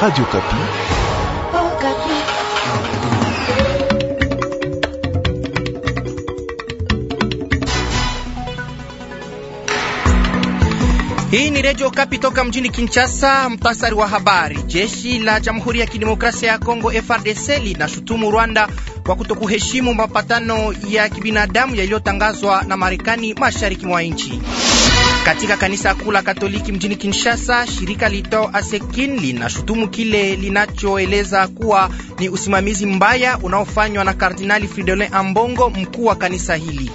Radio Kapi. Oh, Kapi. Hii ni Radio Kapi toka mjini Kinshasa, mtasari wa habari. Jeshi la Jamhuri ya Kidemokrasia ya Kongo FRDC linashutumu Rwanda kwa kutokuheshimu mapatano ya kibinadamu yaliyotangazwa na Marekani mashariki mwa nchi. Katika kanisa kuu la Katoliki mjini Kinshasa, shirika litao Asekin linashutumu kile linachoeleza kuwa ni usimamizi mbaya unaofanywa na Kardinali Fridolin Ambongo, mkuu wa kanisa hili.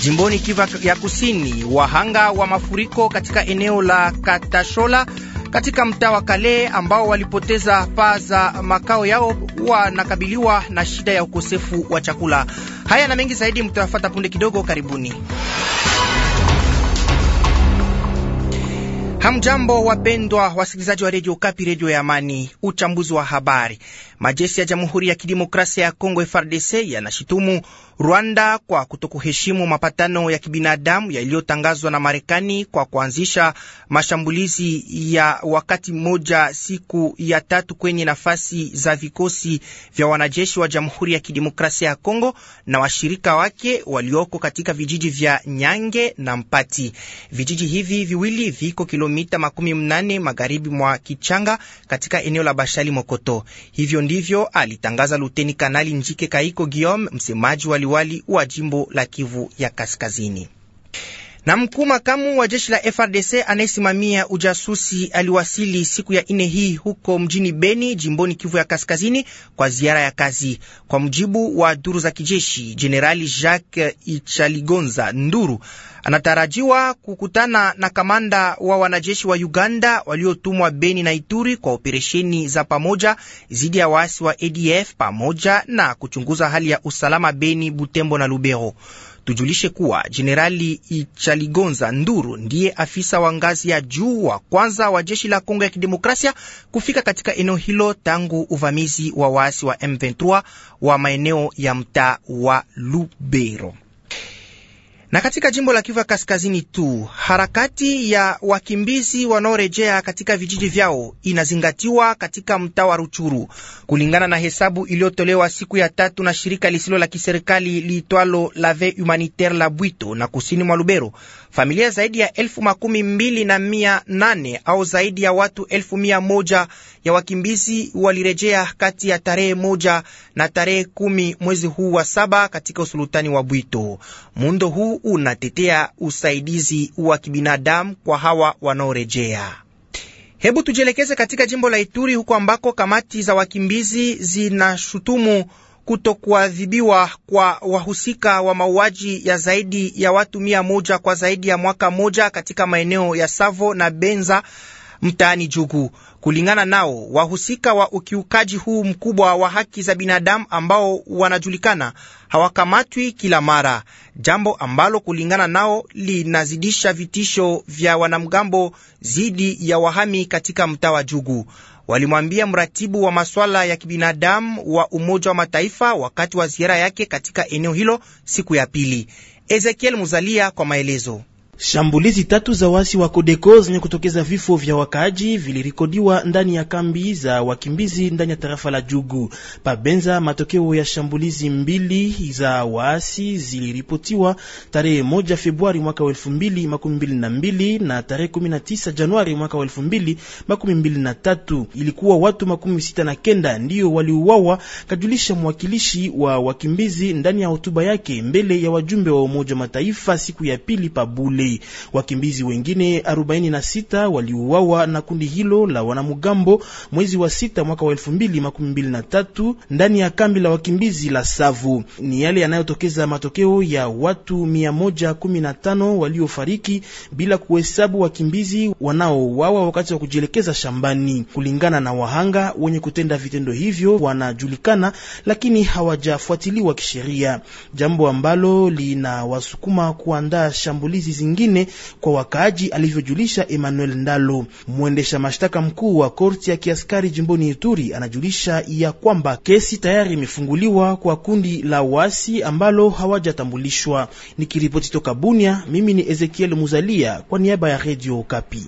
Jimboni Kiva ya Kusini, wahanga wa mafuriko katika eneo la Katashola katika mtaa wa Kale ambao walipoteza paa za makao yao wanakabiliwa na shida ya ukosefu wa chakula. Haya na mengi zaidi mtayafata punde kidogo. Karibuni. Hamjambo, wapendwa wasikilizaji wa redio Kapi, redio ya Amani. Uchambuzi wa habari. Majeshi ya Jamhuri ya Kidemokrasia ya Kongo, frdc yanashitumu Rwanda kwa kutokuheshimu mapatano ya kibinadamu yaliyotangazwa na Marekani kwa kuanzisha mashambulizi ya wakati mmoja siku ya tatu kwenye nafasi za vikosi vya wanajeshi wa Jamhuri ya Kidemokrasia ya Kongo na washirika wake walioko katika vijiji vya Nyange na Mpati. Vijiji hivi viwili viko kilomita makumi mnane magharibi mwa Kichanga katika eneo la Bashali Mokoto. Hivyo ndivyo alitangaza Luteni Kanali Njike Kaiko Guillaume, msemaji wa liwali wa jimbo la Kivu ya Kaskazini na mkuu makamu wa jeshi la FRDC anayesimamia ujasusi aliwasili siku ya ine hii huko mjini Beni, jimboni Kivu ya Kaskazini, kwa ziara ya kazi. Kwa mujibu wa duru za kijeshi, Jenerali Jacques Ichaligonza Nduru anatarajiwa kukutana na kamanda wa wanajeshi wa Uganda waliotumwa Beni na Ituri kwa operesheni za pamoja dhidi ya waasi wa ADF pamoja na kuchunguza hali ya usalama Beni, Butembo na Lubero. Tujulishe kuwa Jenerali Ichaligonza Nduru ndiye afisa wa ngazi ya juu wa kwanza wa jeshi la Kongo ya Kidemokrasia kufika katika eneo hilo tangu uvamizi wa waasi wa M23 wa maeneo ya mtaa wa Lubero. Na katika jimbo la Kivu Kaskazini tu harakati ya wakimbizi wanaorejea katika vijiji vyao inazingatiwa katika mtaa wa Ruchuru, kulingana na hesabu iliyotolewa siku ya tatu na shirika lisilo la kiserikali liitwalo Ve Humanitaire la Bwito na kusini mwa Lubero. Familia zaidi ya elfu makumi mbili na mia nane au zaidi ya watu elfu mia moja ya wakimbizi walirejea kati ya tarehe moja na tarehe kumi mwezi huu wa saba katika usulutani wa Bwito. Muundo huu unatetea usaidizi wa kibinadamu kwa hawa wanaorejea. Hebu tujielekeze katika jimbo la Ituri huko ambako kamati za wakimbizi zinashutumu kutokuadhibiwa kwa wahusika wa mauaji ya zaidi ya watu mia moja kwa zaidi ya mwaka moja katika maeneo ya Savo na Benza mtaani Jugu. Kulingana nao, wahusika wa ukiukaji huu mkubwa wa haki za binadamu ambao wanajulikana hawakamatwi kila mara, jambo ambalo kulingana nao linazidisha vitisho vya wanamgambo dhidi ya wahami katika mtaa wa Jugu. Walimwambia mratibu wa masuala ya kibinadamu wa Umoja wa Mataifa wakati wa ziara yake katika eneo hilo siku ya pili. Ezekiel Muzalia kwa maelezo. Shambulizi tatu za wasi wa Kodeko zenye kutokeza vifo vya wakaaji vilirikodiwa ndani ya kambi za wakimbizi ndani ya tarafa la Jugu. Pabenza, matokeo ya shambulizi mbili za waasi ziliripotiwa tarehe 1 Februari mwaka na tarehe 19 Januari mwaka Ilikuwa watu makumi sita na kenda ndiyo waliuawa, kajulisha mwakilishi wa wakimbizi ndani ya hotuba yake mbele ya wajumbe wa Umoja Mataifa siku ya pili pabule Ituri. Wakimbizi wengine 46 waliuawa na kundi hilo la wanamgambo mwezi wa sita mwaka wa 2023 ndani ya kambi la wakimbizi la Savu. Ni yale yanayotokeza matokeo ya watu 115 waliofariki bila kuhesabu wakimbizi wanaouawa wakati wa kujielekeza shambani. Kulingana na wahanga wenye kutenda vitendo hivyo wanajulikana, lakini hawajafuatiliwa kisheria, jambo ambalo linawasukuma kuandaa shambulizi zingine nyingine kwa wakaaji, alivyojulisha Emmanuel Ndalo, mwendesha mashtaka mkuu wa korti ya kiaskari jimboni Ituri. Anajulisha ya kwamba kesi tayari imefunguliwa kwa kundi la wasi ambalo hawajatambulishwa. Nikiripoti toka Bunia, mimi ni Ezekiel Muzalia kwa niaba ya redio Kapi.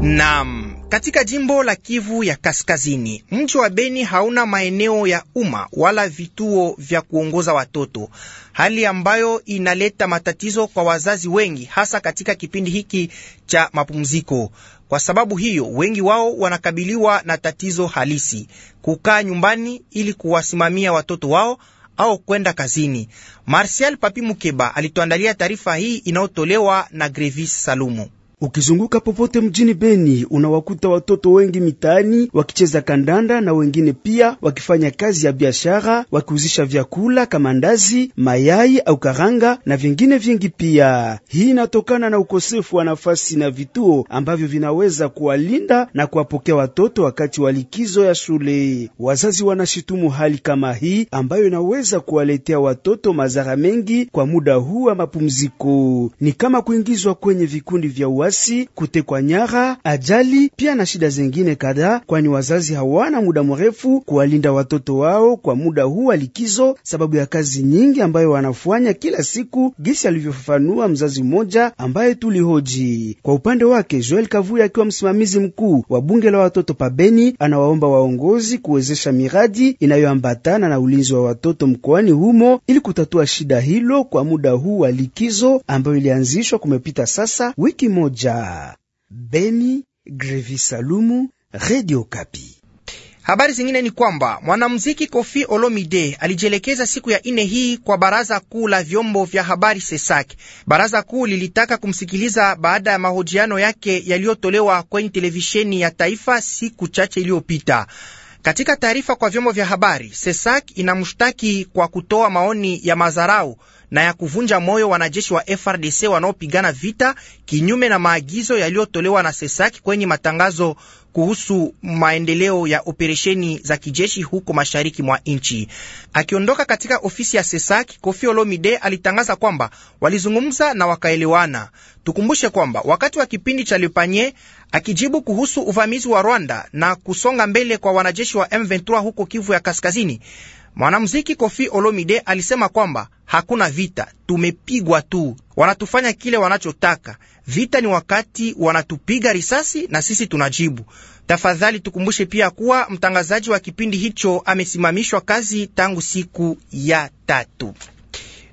Naam. Katika jimbo la Kivu ya Kaskazini, mji wa Beni hauna maeneo ya umma wala vituo vya kuongoza watoto, hali ambayo inaleta matatizo kwa wazazi wengi, hasa katika kipindi hiki cha mapumziko. Kwa sababu hiyo, wengi wao wanakabiliwa na tatizo halisi: kukaa nyumbani ili kuwasimamia watoto wao au kwenda kazini. Marsial Papi Mukeba alituandalia taarifa hii inayotolewa na Grevis Salumu. Ukizunguka popote mjini Beni unawakuta watoto wengi mitaani wakicheza kandanda na wengine pia wakifanya kazi ya biashara wakiuzisha vyakula kama ndazi, mayai au karanga na vingine vingi pia. Hii inatokana na ukosefu wa nafasi na vituo ambavyo vinaweza kuwalinda na kuwapokea watoto wakati wa likizo ya shule. Wazazi wanashitumu hali kama hii ambayo inaweza kuwaletea watoto madhara mengi kwa muda huu wa mapumziko. Ni kama kuingizwa kwenye vikundi vya uwazi wasiwasi, kutekwa nyara, ajali pia na shida zengine kadhaa, kwani wazazi hawana muda mrefu kuwalinda watoto wao kwa muda huu wa likizo, sababu ya kazi nyingi ambayo wanafanya kila siku, gisi alivyofafanua mzazi mmoja ambaye tulihoji. Kwa upande wake, Joel Kavuya akiwa msimamizi mkuu wa bunge la watoto pabeni, anawaomba waongozi kuwezesha miradi inayoambatana na ulinzi wa watoto mkoani humo ili kutatua shida hilo kwa muda huu wa likizo ambayo ilianzishwa kumepita sasa wiki moja moja. Beni, Grevi Salumu, Radio Kapi. Habari zingine ni kwamba mwanamuziki Kofi Olomide alijielekeza siku ya ine hii kwa baraza kuu la vyombo vya habari Sesak. Baraza kuu lilitaka kumsikiliza baada ya mahojiano yake yaliyotolewa kwenye televisheni ya taifa siku chache iliyopita. Katika taarifa kwa vyombo vya habari, Sesak inamshtaki kwa kutoa maoni ya madharau na ya kuvunja moyo wanajeshi wa FRDC wanaopigana vita kinyume na maagizo yaliyotolewa na Sesaki kwenye matangazo kuhusu maendeleo ya operesheni za kijeshi huko mashariki mwa nchi. Akiondoka katika ofisi ya Sesak, Kofi Olomide alitangaza kwamba walizungumza na wakaelewana. Tukumbushe kwamba wakati wa kipindi cha Lepanye akijibu kuhusu uvamizi wa Rwanda na kusonga mbele kwa wanajeshi wa M23 huko Kivu ya Kaskazini, Mwanamuziki Kofi Olomide alisema kwamba hakuna vita, tumepigwa tu, wanatufanya kile wanachotaka. Vita ni wakati wanatupiga risasi na sisi tunajibu. Tafadhali tukumbushe pia kuwa mtangazaji wa kipindi hicho amesimamishwa kazi tangu siku ya tatu.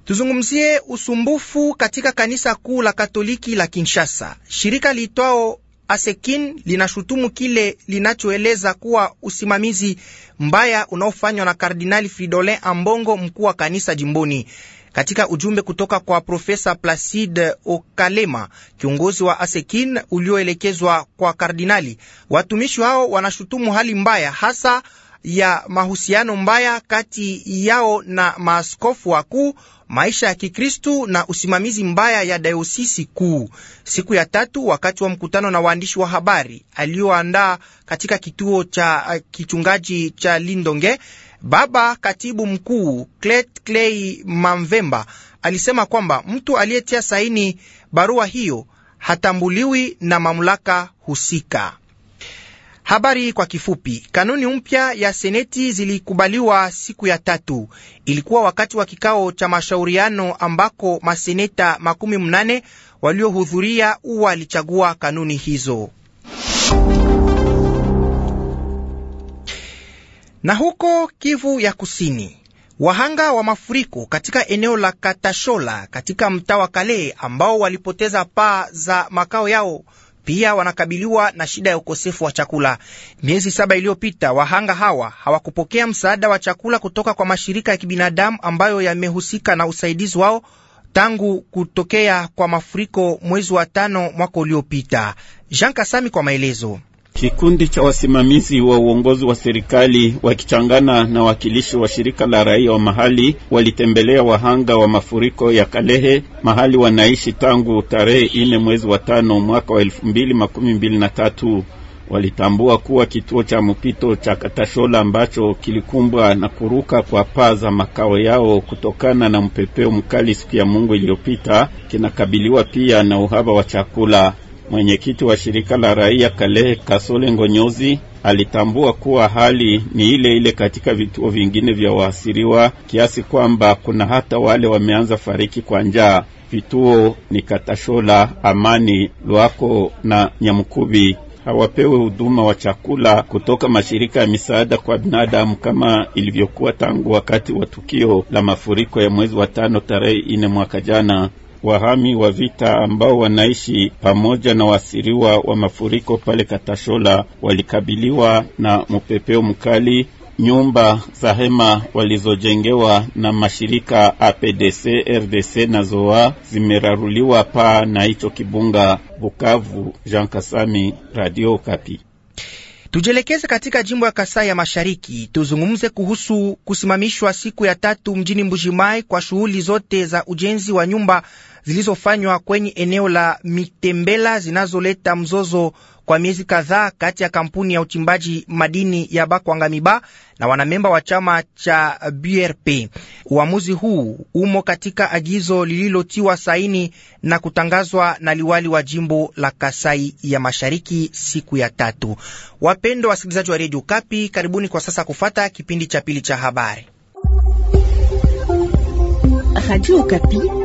Tuzungumzie usumbufu katika kanisa kuu la Katoliki la Kinshasa. Shirika liitwao ASEKIN linashutumu kile linachoeleza kuwa usimamizi mbaya unaofanywa na Kardinali Fridolin Ambongo, mkuu wa kanisa jimboni. Katika ujumbe kutoka kwa Profesa Placide Okalema, kiongozi wa ASEKIN ulioelekezwa kwa kardinali, watumishi hao wanashutumu hali mbaya hasa ya mahusiano mbaya kati yao na maaskofu wakuu, maisha ya Kikristu na usimamizi mbaya ya dayosisi kuu. Siku ya tatu, wakati wa mkutano na waandishi wa habari aliyoandaa katika kituo cha eh, kichungaji cha Lindonge, Baba katibu mkuu Clet Clay Mamvemba alisema kwamba mtu aliyetia saini barua hiyo hatambuliwi na mamlaka husika. Habari kwa kifupi. Kanuni mpya ya seneti zilikubaliwa siku ya tatu. Ilikuwa wakati wa kikao cha mashauriano ambako maseneta makumi mnane waliohudhuria walichagua kanuni hizo. Na huko Kivu ya Kusini, wahanga wa mafuriko katika eneo la Katashola katika mtaa wa Kale ambao walipoteza paa za makao yao pia wanakabiliwa na shida ya ukosefu wa chakula. Miezi saba iliyopita, wahanga hawa hawakupokea msaada wa chakula kutoka kwa mashirika ya kibinadamu ambayo yamehusika na usaidizi wao tangu kutokea kwa mafuriko mwezi wa tano mwaka uliopita. Jean Kasami kwa maelezo. Kikundi cha wasimamizi wa uongozi wa serikali wakichangana na wakilishi wa shirika la raia wa mahali walitembelea wahanga wa mafuriko ya Kalehe mahali wanaishi tangu tarehe ine mwezi wa tano mwaka wa elfu mbili makumi mbili na tatu. Walitambua kuwa kituo cha mpito cha Katashola ambacho kilikumbwa na kuruka kwa paa za makao yao kutokana na mpepeo mkali siku ya Mungu iliyopita kinakabiliwa pia na uhaba wa chakula. Mwenyekiti wa shirika la raia Kalehe Kasole Ngonyozi alitambua kuwa hali ni ile ile katika vituo vingine vya waasiriwa kiasi kwamba kuna hata wale wameanza fariki kwa njaa. Vituo ni Katashola, Amani, Lwako na Nyamukubi hawapewe huduma wa chakula kutoka mashirika ya misaada kwa binadamu kama ilivyokuwa tangu wakati wa tukio la mafuriko ya mwezi wa tano tarehe ine mwaka jana wahami wa vita ambao wanaishi pamoja na wasiriwa wa mafuriko pale Katashola walikabiliwa na mupepeo mkali. Nyumba za hema walizojengewa na mashirika APDC, RDC na ZOA zimeraruliwa paa na hicho kibunga. Bukavu, Jean Kasami, Radio Kapi. Tujielekeze katika jimbo ya Kasai ya Mashariki, tuzungumze kuhusu kusimamishwa siku ya tatu mjini Mbujimai kwa shughuli zote za ujenzi wa nyumba zilizofanywa kwenye eneo la Mitembela zinazoleta mzozo kwa miezi kadhaa kati ya kampuni ya uchimbaji madini ya Bakwangamiba na wanamemba wa chama cha BRP. Uamuzi huu umo katika agizo lililotiwa saini na kutangazwa na liwali wa jimbo la Kasai ya Mashariki siku ya tatu. Wapendwa wasikilizaji wa Redio Kapi, karibuni kwa sasa kufata kipindi cha pili cha habari Radio Kapi.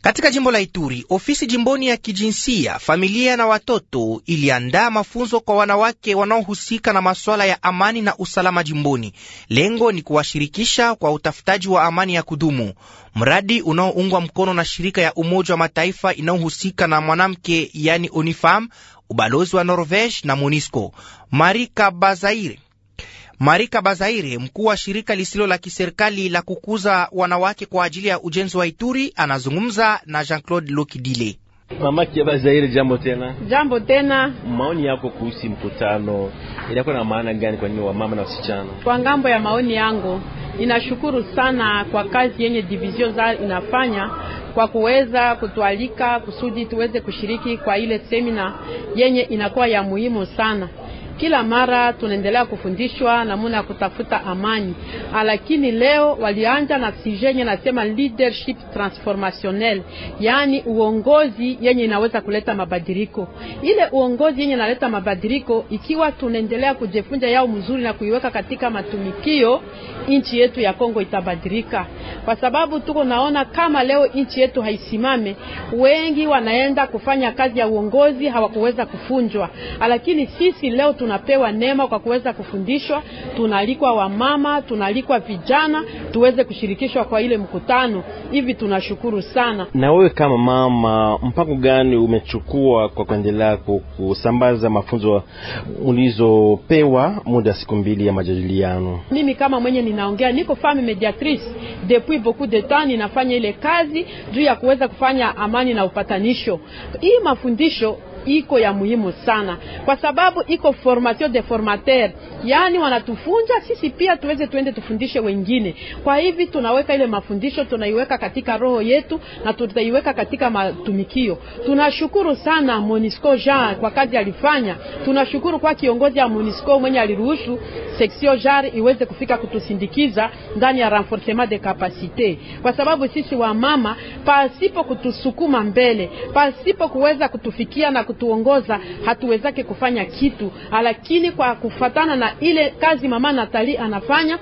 Katika jimbo la Ituri, ofisi jimboni ya kijinsia, familia na watoto iliandaa mafunzo kwa wanawake wanaohusika na masuala ya amani na usalama jimboni. Lengo ni kuwashirikisha kwa utafutaji wa amani ya kudumu, mradi unaoungwa mkono na shirika ya Umoja wa Mataifa inayohusika na mwanamke, yani UNIFAM, ubalozi wa Norvege na MONUSCO. Marika Bazaire Marika Bazaire, mkuu wa shirika lisilo la kiserikali la kukuza wanawake kwa ajili ya ujenzi wa Ituri, anazungumza na Jean-Claude Lokidile. Mama Kiaba Zaire, jambo tena. Jambo tena. Maoni yako kuhusu mkutano inakuwa na maana gani kwa nini wa mama na wasichana? Kwa ngambo ya maoni yangu, ninashukuru sana kwa kazi yenye division za inafanya kwa kuweza kutualika kusudi tuweze kushiriki kwa ile semina yenye inakuwa ya muhimu sana kila mara tunaendelea kufundishwa namuna ya kutafuta amani, lakini leo walianja na sijenye nasema leadership transformationnel, yaani uongozi yenye inaweza kuleta mabadiliko. Ile uongozi yenye inaleta mabadiliko, ikiwa tunaendelea kujifunza yao mzuri na kuiweka katika matumikio, nchi yetu ya Kongo itabadilika, kwa sababu tuko naona kama leo nchi yetu haisimame, wengi wanaenda kufanya kazi ya uongozi hawakuweza kufunjwa, lakini sisi leo tunapewa neema kwa kuweza kufundishwa, tunalikwa wamama, tunalikwa vijana tuweze kushirikishwa kwa ile mkutano. Hivi tunashukuru sana. Na wewe kama mama, mpango gani umechukua kwa kuendelea kusambaza mafunzo ulizopewa muda wa siku mbili ya majadiliano? Mimi kama mwenye ninaongea, niko femme mediatrice depuis beaucoup de temps, ninafanya ile kazi juu ya kuweza kufanya amani na upatanisho. Hii mafundisho iko ya muhimu sana, kwa sababu iko formation de formateur, yaani wanatufunza sisi pia tuweze tuende tufundishe wengine. Kwa hivi tunaweka ile mafundisho tunaiweka katika roho yetu na tutaiweka katika matumikio. Tunashukuru sana Monisco Jean kwa kazi alifanya, tunashukuru kwa kiongozi ya Monisco mwenye aliruhusu section JAR iweze kufika kutusindikiza ndani ya renforcement de capacite, kwa sababu sisi wa mama pasipo kutusukuma mbele, pasipo kuweza kutufikia na kutuongoza, hatuwezake kufanya kitu. Lakini kwa kufatana na ile kazi mama Natali anafanya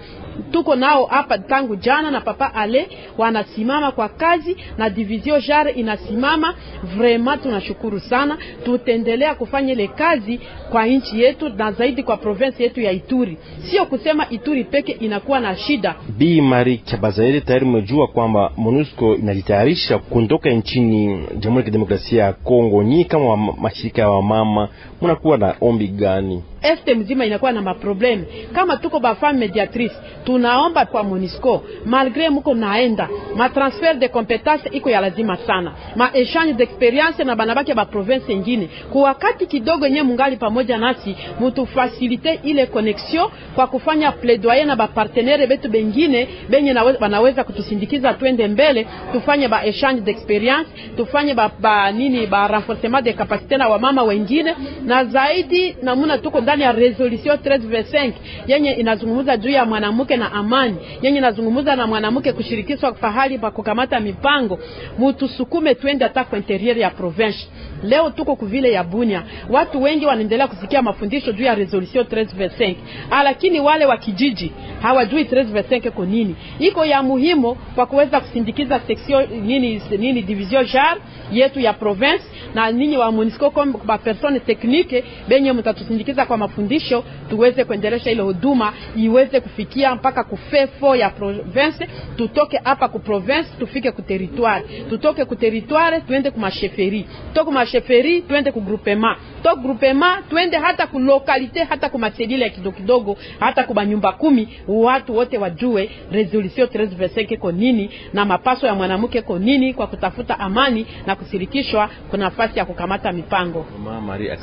tuko nao hapa tangu jana, na papa ale wanasimama kwa kazi na division jare inasimama vraiment. Tunashukuru sana, tutaendelea kufanya ile kazi kwa nchi yetu na zaidi kwa province yetu ya Ituri. Sio kusema Ituri peke inakuwa na shida. Bi Mari Chabazaire, tayari mmejua kwamba MONUSCO inajitayarisha kuondoka nchini Jamhuri ya Kidemokrasia ya Kongo. Nyinyi kama mashirika ya wamama, mnakuwa na ombi gani? este mzima inakuwa na maprobleme. Kama tuko bafam mediatrice, tunaomba kwa Monisco, malgre muko naenda ma matransfer de competence iko ya lazima sana, ma echange d'experience na banabaki ya baprovince ingine kwa wakati kidogo. Nye mungali pamoja nasi, mutu facilite ile connexion kwa kufanya plaidoyer na bapartenere betu bengine benye banaweza kutusindikiza twende mbele, tufanye ba echange d'experience, tufanye ba, ba nini ba renforcement de capacité na wamama wengine na zaidi namuna tuko ndani ndani ya resolution 1325 yenye inazungumza juu ya mwanamke na amani, yenye inazungumza na mwanamke kushirikishwa pahali pa kukamata mipango. Mutusukume twende hata kwa interior ya province. Leo tuko kuvile ya Bunia, watu wengi wanaendelea kusikia mafundisho juu ya resolution 1325, ah, lakini wale wa kijiji hawajui 1325 kwa nini iko ya muhimu kwa kuweza kusindikiza section nini nini division jar yetu ya province na ninyi wa munisco kwa personne technique benye mtatusindikiza kwa mafundisho tuweze kuendelesha ile huduma iweze kufikia mpaka kufefo ya province, tutoke hapa ku province tufike ku territoire, tutoke ku territoire tuende ku masheferi, toko masheferi tuende ku groupement, tutoke groupement tuende hata ku localité, hata ku masedile ya kidogo kidogo, hata ku nyumba kumi, watu wote wajue resolution 1325 iko nini na mapaso ya mwanamke iko nini kwa kutafuta amani na kusirikishwa kuna nafasi ya kukamata mipango. Mama Marie,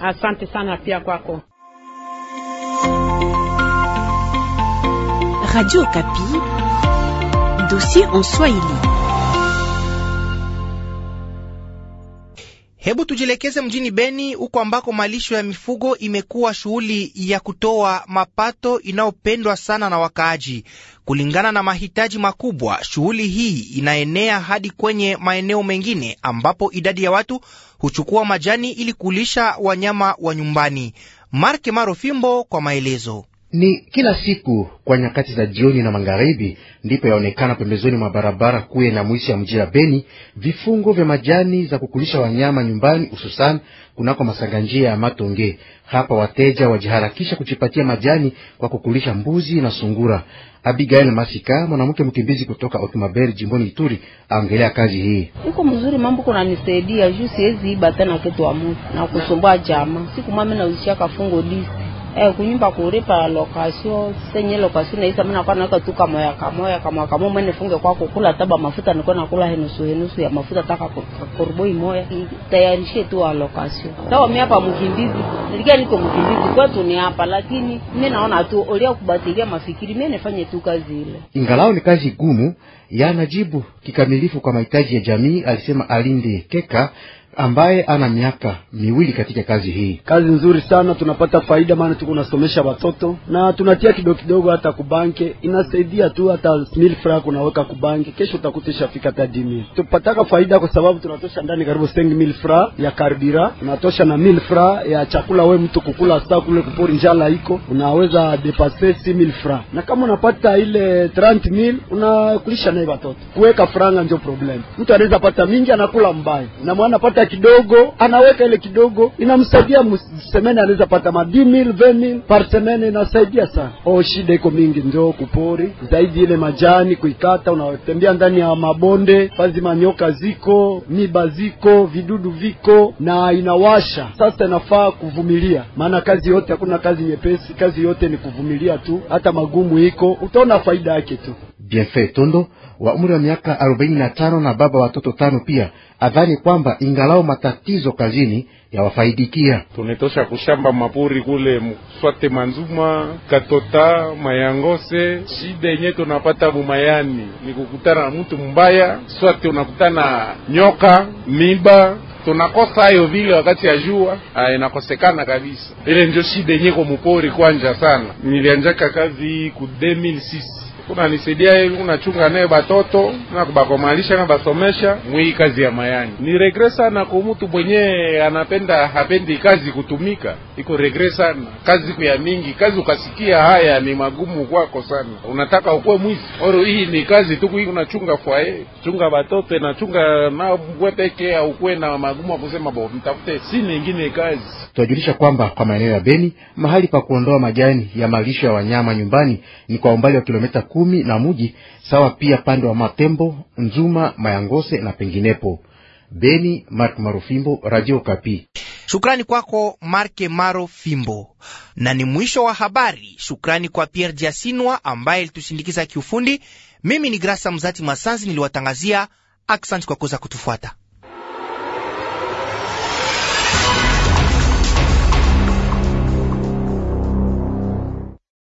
asante sana pia kwako. Radio Kapi, dossier en Swahili. Hebu tujielekeze mjini Beni huko ambako malisho ya mifugo imekuwa shughuli ya kutoa mapato inayopendwa sana na wakaaji. Kulingana na mahitaji makubwa, shughuli hii inaenea hadi kwenye maeneo mengine ambapo idadi ya watu huchukua majani ili kulisha wanyama wa nyumbani. Mark Marofimbo kwa maelezo. Ni kila siku kwa nyakati za jioni na magharibi ndipo yaonekana pembezoni mwa barabara kuye na mwisi ya mji ya Beni vifungo vya majani za kukulisha wanyama nyumbani, hususan kunako masanganjia ya Matonge. Hapa wateja wajiharakisha kujipatia majani kwa kukulisha mbuzi na sungura. Abigail Masika, mwanamke mkimbizi kutoka Otumaberi jimboni Ituri, aongelea kazi hii. Iko mzuri, mambo kunanisaidia juu siwezi iba tena kitu wa mutu na kusumbua jama siku mami nauzishia kafungo disi eh kunyumba kuripa location senye location naisa mimi nakuwa naweka tu kamoya kamoya kama kama mimi nifunge kwa kukula taba mafuta niko nakula henusu henusu ya mafuta taka kurboi moya tayarishie tu location sawa mi hapa mkimbizi nilikia niko mkimbizi kwetu ni hapa lakini mimi naona tu olia kubatilia mafikiri mimi nifanye tu kazi ile ingalao ni kazi gumu yanajibu kikamilifu kwa mahitaji ya jamii alisema Alinde Keka ambaye ana miaka miwili katika kazi hii. Kazi nzuri sana, tunapata faida, maana tuko nasomesha watoto na tunatia kidogo kidogo hata kubanke, inasaidia tu hata mil fra kunaweka kubanke, kesho utakuta ishafika hata dimi. Tupataka faida kwa sababu tunatosha ndani karibu sengi mil fra ya karbira, unatosha na mil fra ya chakula, we mtu kukula sa kule kupori njala iko unaweza depase si mil fra, na kama unapata ile 30 mil unakulisha naye watoto. Kuweka franga njo problem, mtu anaweza pata mingi anakula mbaya na mwana pata analeta kidogo, anaweka ile kidogo, inamsaidia msemene, anaweza pata madimil venil par semene, inasaidia sana. O, oh, shida iko mingi, ndio kupori zaidi ile majani kuikata, unatembea ndani ya mabonde, lazima manyoka ziko, miba ziko, vidudu viko na inawasha. Sasa inafaa kuvumilia, maana kazi yote, hakuna kazi nyepesi, kazi yote ni kuvumilia tu, hata magumu iko, utaona faida yake tu. Bienfait Tondo wa umri wa miaka arobaini na tano na baba watoto tano, pia adhani kwamba ingalao matatizo kazini yawafaidikia. Tunetosha kushamba mapori kule Mswate, Manzuma, Katota, Mayangose. Shida yenyewe tunapata mumayani ni kukutana na mtu mbaya. Swate unakutana nyoka, miba tunakosa hayo vile, wakati ya jua ah, inakosekana kabisa. Ile ndio shida yenyewe kwa mupori kwanja sana. Nilianjaka kazi ku 2006 kunanisaidia hivi, kunachunga naye batoto na kubakomalisha na basomesha. Mwii kazi ya mayani ni regre sana ku mtu mwenye anapenda hapendi kazi kutumika, iko regre sana kazi kuya mingi kazi, ukasikia haya ni magumu kwako sana, unataka ukuwe mwizi oro. Hii ni kazi tuku hii, unachunga fwaye chunga batoto chunga na we peke, aukuwe na magumu akusema bo mtafute si nyingine kazi. Tunajulisha kwamba kwa maeneo ya Beni mahali pa kuondoa majani ya malisho ya wanyama nyumbani ni kwa umbali wa kilomita kumi na muji sawa pia pande wa Matembo, Nzuma, Mayangose na penginepo. Beni, Mark Marufimbo, Radio Kapi. Shukrani kwako Marke maro fimbo na ni mwisho wa habari. Shukrani kwa Pierre Jasinwa ambaye alitusindikiza kiufundi. Mimi ni Grasa Mzati Masanzi niliwatangazia. Aksanti kwa kuweza kutufuata.